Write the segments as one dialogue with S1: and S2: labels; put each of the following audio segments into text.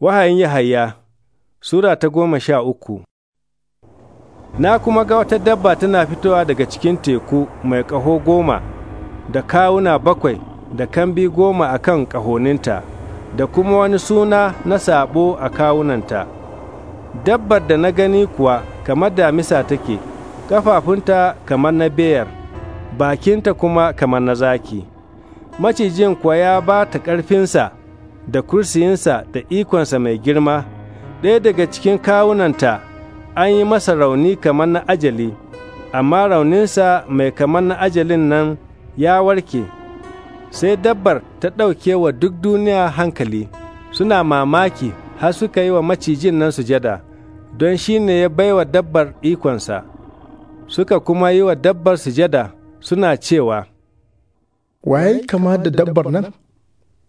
S1: Wahayin Yahaya Sura ta goma sha uku Na kuma ga wata dabba tana fitowa daga cikin teku mai ƙaho goma, da kawuna bakwai, da kambi goma a kan ƙahoninta, da kuma wani suna na sabo a kawunanta. Dabbar da na gani kuwa kamar damisa take, ƙafafunta kamar na beyar, bakinta kuma kamar na zaki. Macijin kuwa ya ba ta ƙarfinsa. da kursiyinsa da ikonsa mai girma, ɗaya daga cikin kawunanta an yi masa rauni kamar na ajali, amma rauninsa mai kamar na ajalin nan ya warke. Sai dabbar ta ɗauke wa duk duniya hankali, suna mamaki har suka yi wa macijin nan sujada, don shi ne ya baiwa dabbar ikonsa. Suka kuma yi wa dabbar sujada suna cewa, Waye kama da dabbar nan?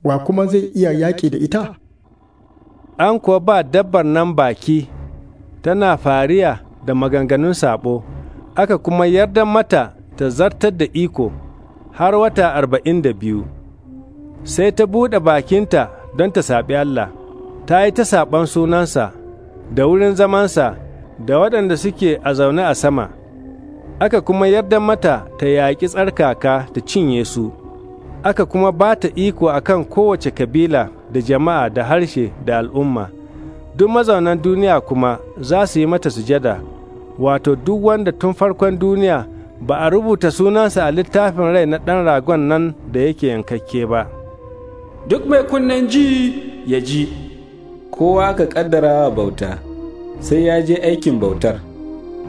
S1: wa kuma zai iya yaƙi da ita? An kuwa ba dabbar nan baki, tana fariya da maganganun saɓo, aka kuma yarda mata ta zartar da iko har wata arba'in da biyu. Sai ta buɗe bakinta don ta saɓi Allah, ta yi ta saɓon sunansa, da wurin zamansa, da waɗanda suke a zaune a sama. Aka kuma yarda mata ta yaƙi tsarkaka ta cinye su. aka kuma ba ta iko a kan kowace kabila da jama'a da harshe da al'umma duk mazaunan duniya kuma za su yi mata sujada wato duk wanda tun farkon duniya ba a rubuta sunansa a littafin rai na ɗan ragon nan da yake yankakke ba duk mai kunnen ji ya ji kowa ka ƙaddara bauta sai ya je aikin bautar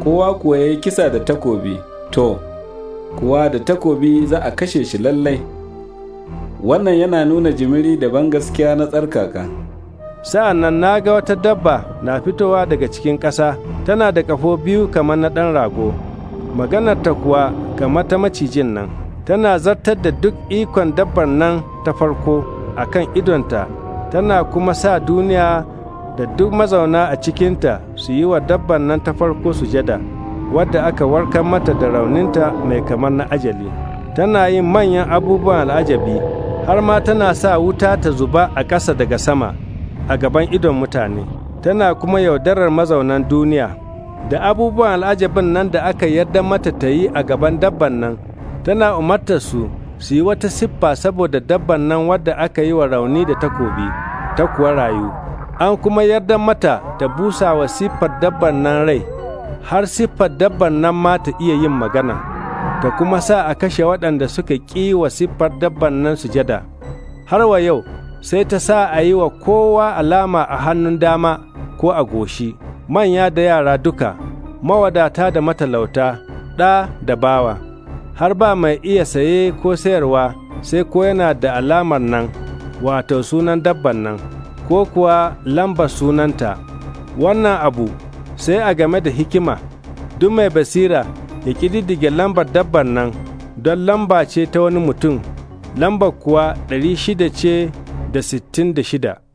S1: kowa kuwa ya yi kisa da takobi to kuwa da takobi za a kashe shi lallai wannan yana nuna jimiri daban gaskiya na tsarkaka sa'an nan na ga wata dabba na fitowa daga cikin ƙasa tana da ƙafo biyu kamar na ɗan rago maganar ta kuwa kamar ta macijin nan tana zartar da duk ikon dabbar nan ta farko a kan idonta tana kuma sa duniya da duk mazauna a cikinta su yi wa dabban nan ta farko sujada wadda aka warkar mata da rauninta mai kamar na ajali tana yin manyan abubuwan al'ajabi har ma tana sa wuta ta zuba a ƙasa daga sama a gaban idon mutane tana kuma yaudarar mazaunan duniya da abubuwan al'ajabin nan da aka yarda mata ta yi a gaban dabban nan tana umarta su su yi wata siffa saboda dabban nan wadda aka yi wa rauni da takobi ta kuwa rayu an kuma yarda mata ta busa wa siffar dabban nan rai har siffar dabban nan ma ta iya yin magana. ta kuma sa a kashe waɗanda suka ƙi wa siffar dabban nan sujada. Har wa yau sai ta sa a yi wa kowa alama a hannun dama ko a goshi, manya da yara duka, mawadata da matalauta, ɗa da bawa. Har ba mai iya saye ko sayarwa sai ko yana da alamar nan, wato sunan dabban nan, ko kuwa lambar sunanta. Wannan abu sai a game da hikima, duk mai basira ya ƙididdige lambar dabban nan don lamba ce ta wani mutum, lambar kuwa shida ce da da sittin shida.